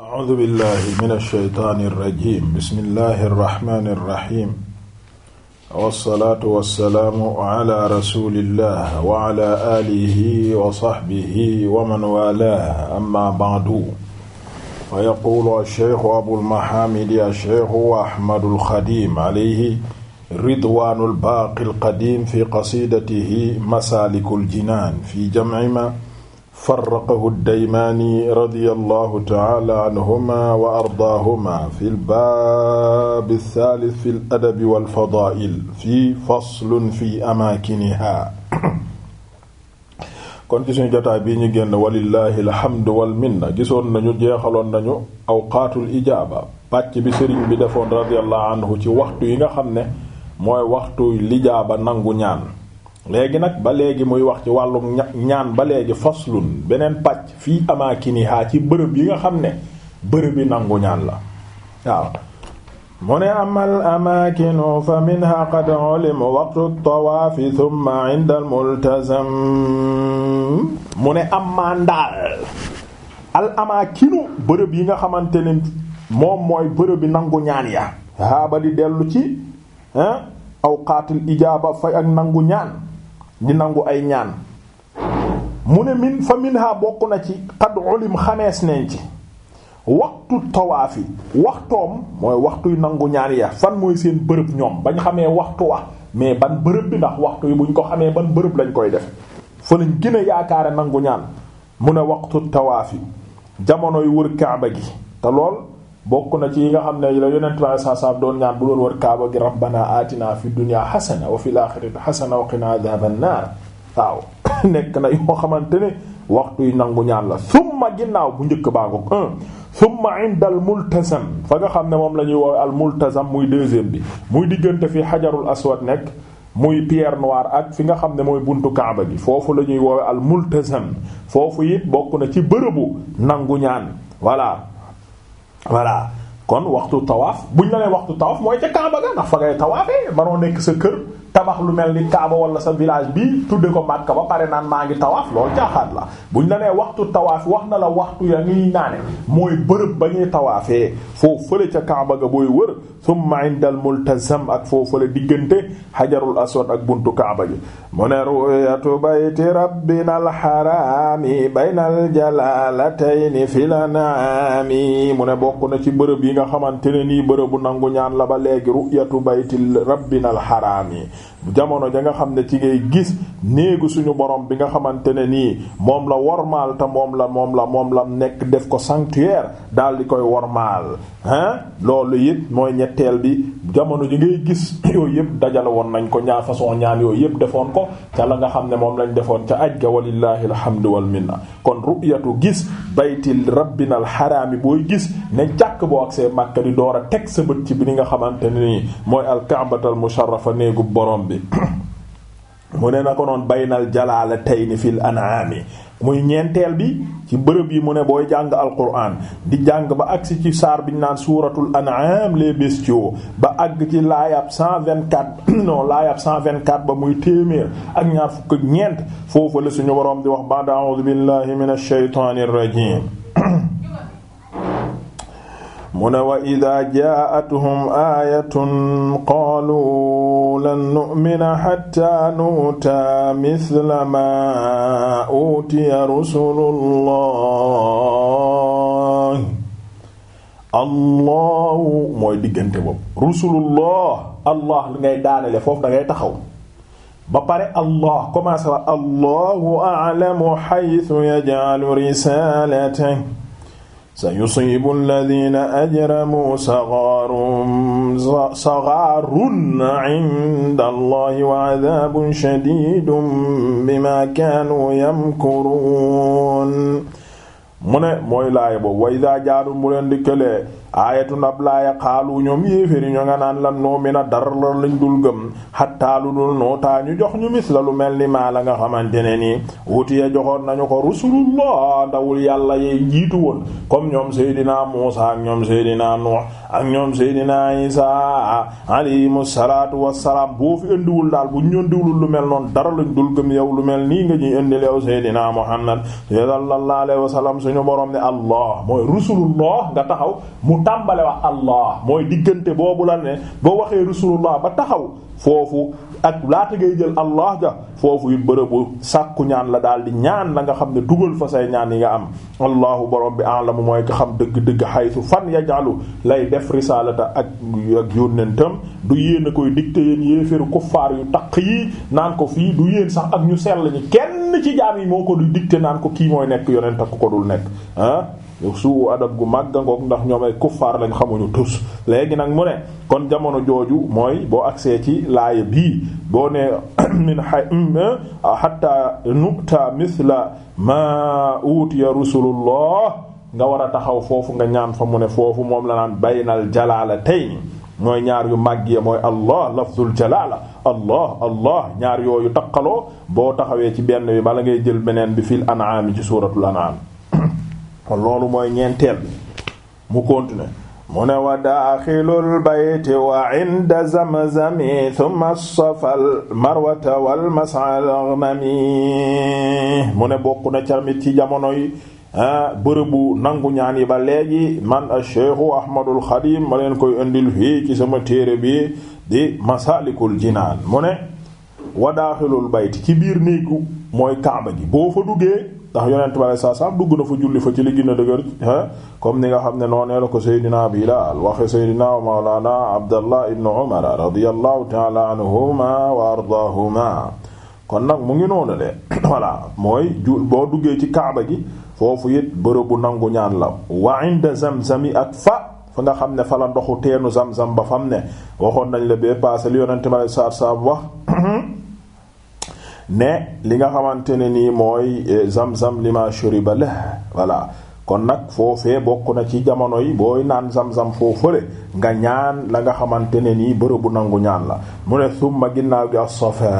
A'uuzu billaahi mina shaytaani rajiim bismillaahi rahmaani rahiim. Wassalaatu wassalaamu alaa rasuulillaah wa alaa aalihi wa sahbihi wa man waalaah ammaa ba'du. Fa yaquulu ash-shaykhu Abul Mahaamidi ash-shaykhu Ahmadul Xadiim alayhi ridwaanul baaqil qadiim fi qasiidatihi Masaalikul Jinaan fi jam'i maa farraqahu daymaani radiyallahu ta'ala anhuma wa ardaahuma fil baabi saalis fil adabi wal fadaa'il fii faslun fii amaakinihaa kon ci suñu jotaay ñu génn walillahi alhamdu wal minna gisoon nañu jeexaloon nañu awqaatul ijaaba pàcc bi sëriñ bi defoon radiyallahu anhu ci waxtu yi nga xam ne mooy waxtu lijaaba nangu ñaan. léegi nag ba léegi muy wax ci wàllu wàllum ñaan ba léegi faslun beneen pàcc fii amaakinihaa ci bërëb yi nga xam ne bërëb yi nangu ñaan la waaw mu ne amal amaakinu fa minha qad ulima waqtu tawaafi thumma inda mu ne ammaa ndaal al amaakinu bërëb yi nga xamante ne moom mooy bërëb yi nangu ñaan ya haa ba di dellu ci ah, awqaatul ijaaba fay ak nangu ñaan di nangu ay ñaan mu ne min fa minha bokk na ci qad ulim xamees nañ ci waxtu tawaafi waxtoom mooy waxtuy nangu ñaan ya fan mooy seen bërëb ñoom bañ xamee waxtu wa mais ban bërëb bi ndax waxtu yi buñ ko xamee ban bërëb lañ koy def fa lañ gën a yaakaare nangu ñaan mu ne waxtu tawaafi jamonoy wër kaaba gi te lool bokk na ci yi nga xam ne la yonent bi saa saa doon ñaan bu doon war kaaba gi rabbana atina fi dunya xasana wa fil axirati xasana wa qina adhaban naar waaw nekk na yoo xamante ne waxtu yi nangu ñaan la summa ginnaaw bu njëkk baa ngoog un summa inda al multazam fa nga xam ne moom la ñuy woowe al multazam muy deuxième bi muy diggante fi xajarul aswad nekk muy pierre noire ak fi nga xam ne mooy buntu kaaba gi foofu la ñuy woowe al multazam foofu it bokk na ci bërëbu nangu ñaan voilà kon waxtu tawaaf buñ la nee waxtu tawaaf mooy ca Kaaba ga ndax fa ngay tawaafee manoo nekk sa kër tabax lu mel ni Kaaba wala sa village bi tudde ko Makka ba pare naan maa ngi tawaaf loolu caaxaat la buñ la nee waxtu tawaaf wax na la waxtu ya ngiy naane mooy bërëb ba ñuy tawaafee foofu fële ca Kaaba ga booy wër thumma inda al multazam ak foofu fële diggante xajarul aswad ak buntu Kaaba gi mu ne ru'yatu bayti rabbina alxarami bayna aljalalatayn fil anami mu ne bokk na ci bërëb yi nga xamante ne nii bërëbu nangu ñaan la ba léegi ru'yatu bayti rabbina alxarami jamono ja nga xam ne ci ngay gis néegu suñu borom bi nga xamante ne nii moom la wormaal te moom la moom la moom la nekk def ko sanctuaire daal di koy wormaal hein loolu it mooy ñetteel bi jamono ji ngay gis yooyu yëpp dajale woon nañ ko ñaa façon ñaan yooyu yëpp defoon ko ca la nga xam ne moom lañ defoon ca aj ga walillahi alhamdu wal minna kon ru'yatu gis bayti rabbina alxaraami booy gis ne jàkk boo ak see màkka di door a teg sa bët ci bi ni nga xamante ne nii mooy alkaabatal musharrafa néegu borom borom bi mu ne na ko noon baynal jalaalatayni fil an'ami muy ñenteel bi ci bërëb yi mu ne booy jàng alquran di jàng ba agsi ci saar bi ñu naan suuratul an'am les bestiaux ba àgg ci laayab 124 non laayab 124 ba muy téeméer ak ñaar fukk ñeent foofu la suñu borom di wax ba'da a'uudu billahi minash shaytaanir rajiim mu ne wa ida jaatuhum aayatun qaalu lan nu'mina xatta nuuta misla ma utiya rusulullah allahu mooy diggante boobu rusulullah allah li ngay daanale foofu da ngay taxaw ba pare allah commencé wa allahu a'lamu xaytu yaj'alu risalatahu sayusibu alladina ajramuu sagarun sagarun inda allahi wa adabun shadidun bima kaanuu yamkuruun mu ne mooy laaya boobu way daa jaadum mu leen di dikkalee aayatu nab laaya xaalu ñoom yéeféri ñoo nga naan la noo mi na dara lañ dul gëm xattaalu dul nootaa ñu jox ñu mis la lu mel ni maa la nga xamante ne nii ye joxoon nañu ko rusulullah ndawul yàlla yey jiitu woon comme ñoom seydinaa Muusa ak ñoom seydinaa Nuux ak ñoom seydinaa Isaa alayhimu salaatu wassalaam boo fi indiwul daal bu ñu indiwul lu mel noon dara lañ dul gëm yow lu mel nii nga ñuy indil suñu borom ne allah mooy rusulullah nga taxaw mu tàmbale wax allah mooy diggante boobu la ne boo waxee rusulullah ba taxaw foofu ak laata ngay jël allah ja foofu it bërëbu sàkku ñaan la daal di ñaan na nga xam ne dugal fa say ñaan yi nga am allahu borom bi alamu mooy ko xam dëgg-dëgg xaytu fan yajalu lay def risalata ak ak yónnentam du yéen a koy dicté yéen yéeféru kuffaar yu taq yi naan ko fii du yéen sax ak ñu sell ñi kenn ci jaam yi moo ko du dicté naan ko kii mooy nekk yonent ak ko dul nekk ah. suu adab gu màgg ngoog ndax ñoom ay kuffaar lañ xamuñu tus léegi nag mu ne kon jamono jooju mooy boo agsee ci laaya bii boo ne min a mm, eh, hatta nu'ta mithla ma utiya rusulullah nga war a taxaw foofu nga ñaan fa mu ne foofu moom la naan baynal tey mooy ñaar yu màgg ya mooy allah lafzul jalaala allah allah ñaar yooyu taqaloo boo taxawee ci benn bi bala ngay jël beneen bi fil an'am ci suuratul an'am kon loolu mooy ñeenteel bi mu continuer mu ne wa daaxilul bayti wa inda zamzami thumma safal marwata wal masal ghamami mu ne bokk na tamit ci jamonoy yi bërëbu nangu ñaan yi ba léegi man a cheikhu ahmadul xadim ma leen koy indil fii ci sama téere bi di masalikul jinaan mu ne wa daaxilul bayti ci biir néegu mooy kaaba gi boo fa duggee ndax yonent bi saa saa dugg na fa julli fa ci li gën dëgër comme ni nga xam ne noonee la ko Seydina Bilaal waxe Seydina Mawlana Abdallah ibn Umar radiyallahu ta'ala anhuma wa ardaahuma kon nag mu ngi noonu de voilà mooy ju boo duggee ci kaaba gi foofu it bërëbu nangu ñaan la wa inda zamzami ak fa fa nga xam ne fa la ndoxu teenu zamzam ba fam ne waxoon nañ la bee paase li yonent bi saa saa wax ne li nga xamante ne nii mooy e, zam-zam lima shuriba la voilà kon nag foofee bokk na ci jamono yi booy naan zam-zam foo nga ñaan la nga xamante ne nii bërëbu nangu ñaan la mu ne summa ginnaaw gi as-safa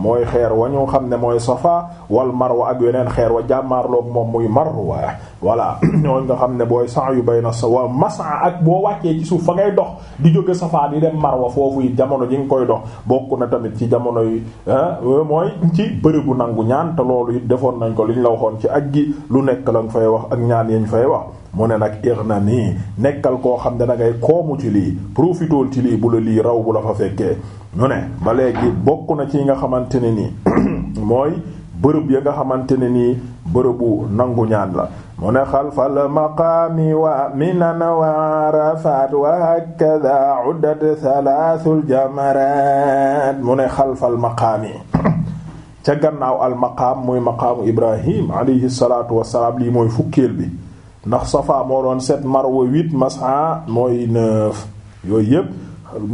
mooy xeer wa ñu xam ne mooy safa wal marwa ak weneen xeer wa jàmmaarloog moom muy marwa voilà ñooñ nga xam ne booy yu sa'yu na sawa masa ak boo wàccee ci suuf fa ngay dox di jóge safa di dem marwa foofu yi jamono ji nga koy dox bokk na tamit ci jamono yi euh, mooy ci bërëbu nangu ñaan te loolu it defoon nañ ko liñ la waxoon ci aj gi lu nekk la fay wax ak ñaan yañ fay wax mu ne nag na nii nekkal koo xam ne da ngay koomu ci lii profitool ci lii bu la lii raw bu la fa fekkee ñu ne ba léegi bokk na ci nga xamante ne nii mooy bërëb ya nga xamante ne nii bërëbu nangu ñaan la mu ne xalfal maqaami wa minan wa arafat wa hakada uddat salaasul jamaraat mu ne xalfal maqaami ca gannaaw al maqaam muy maqaamu ibrahim alayhi salaatu wassalaam lii mooy fukkeel bi ndax Safa moo doon sept Marwa huit Mas'a mooy neuf yooyu yëpp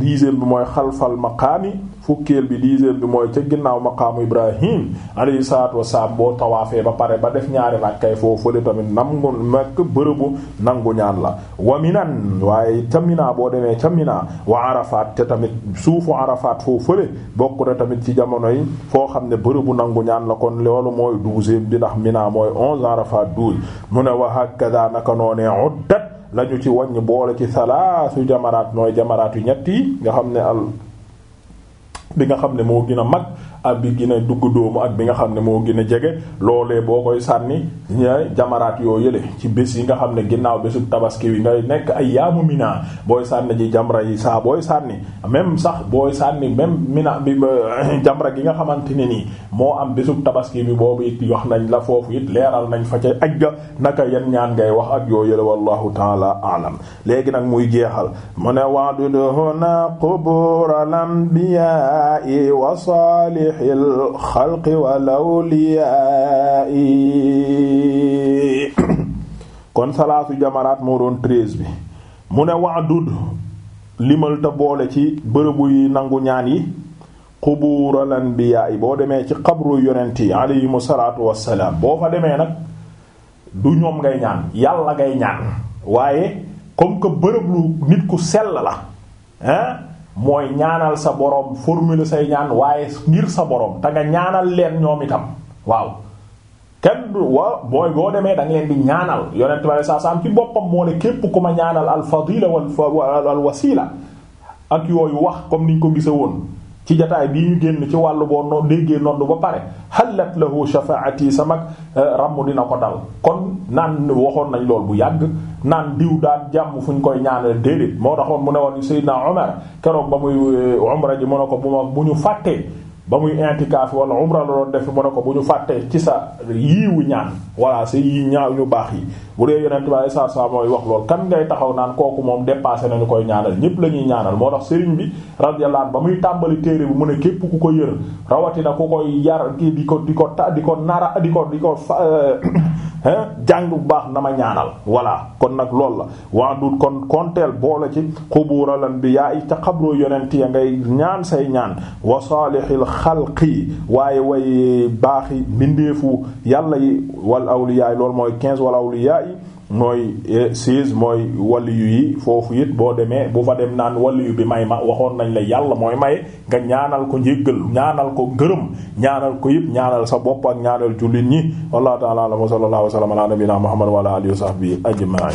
dixième bi mooy xalfal maqaami fukkeel bi dixième bi mooy ca ginnaaw maqaamu ibrahim alayhi salaatu wasalaam boo tawaafee ba pare ba def ñaari rakkay foofu le tamit nangu nekk bërëbu nangu ñaan la wa minan waaye ca mina boo demee ca mina wa arafat te tamit suufu arafat foofu le bokk tamit ci jamono yi foo xam ne bërëbu nangu ñaan la kon loolu mooy douzième bi ndax mina mooy onze arafat douze mu ne wa hakada naka noonee uddat lañu ci wàññ boole ci salaasu jamaraat mooy jamaraatu yu ñett nga xam ne al bi nga xam ne moo gën a mag ak bi gën dugg dóomu ak bi nga xam ne moo gën a jege loolee boo koy sànni jamaraat yoo yële ci bés yi nga xam ne ginnaaw bésu tabaski wi ngay nekk ay yaamu mina booy sànni ji jamra yi saa booy sànni même sax booy sànni même mina bi jamra gi nga xamante ne nii moo am bésu tabaski bi boobu it wax nañ la foofu it leeral nañ fa ca aj ga naka yan ñaan ngay wax ak yoo yële wallahu taala alam léegi nag muy géexal mu ne waduduhuna qubur al anbiya الأنبياء وصالح الخلق والأولياء kon salaatu jamaraat moo doon treize bi mu ne waadud limal te boole ci bërëbu yi nangu ñaan yi qubuural anbiyaa yi boo demee ci xabru yonent yi alayhimu salaatu wassalaam boo fa demee nag du ñoom ngay ñaan yàlla ngay ñaan waaye comme que bërëb lu nit ku sell la mooy ñaanal sa borom formule say ñaan waaye ngir sa borom te nga ñaanal leen ñoom itam waaw kenn wa mooy boo demee da leen di ñaanal yonent bi saa saa am ci boppam moo ne képp ku ma ñaanal al fadila wal wasila ak yooyu wax comme niñ ko gise woon ci jataay bii ñu génn ci wàllu boo no déggee nondu ba pare xalat lahu shafaati samak eh, ramm dina ko dal kon naan waxoon nañ lool bu yàgg naan diw daan jàmm fu ñu koy ñaanal déedéet moo taxoon mu ne woon Seydina Omar keroog ba muy eh, umra ji mu ne ko bu ma bu ñu fàttee ba muy intikaaf wala umra la doon def mu ne ko bu ñu fàttee ci sa yiiwu ñaan voilà sa yii ñaaw ñu baax yi bu dee yonent bi saa saa mooy wax lool kan ngay taxaw naan kooku moom dépassé nañu koy ñaanal ñépp la ñuy ñaanal moo tax sëriñ bi radiyallahu ba muy tàmbali téere bi mu ne képp ku ko yër rawatina ku koy yar di ko di ko ta di ko nara di ko di ko fa euh, jàng bu baax na ma ñaanal voilà kon nag loolu la waa dut kon konteel boole ci xubuural bi yi ca xabru yonent ya ngay ñaan say ñaan wa salihil xalqi waaye way baaxi mbindeefu yàlla yi wal awliya loolu mooy quinze wal awliya yi mooy eh, siis mooy waliyu yi foofu it boo demee bu fa dem naan waliyu bi may ma waxoon nañ la yàlla mooy may nga ñaanal ko njéggal ñaanal ko ngërëm ñaanal ko yëpp ñaanal sa bopp ak ñaanal jullit ñi wallahu ta'ala wa sallallahu wa sallam ala nabina muhammad wa ala alihi wa sahbihi ajma'in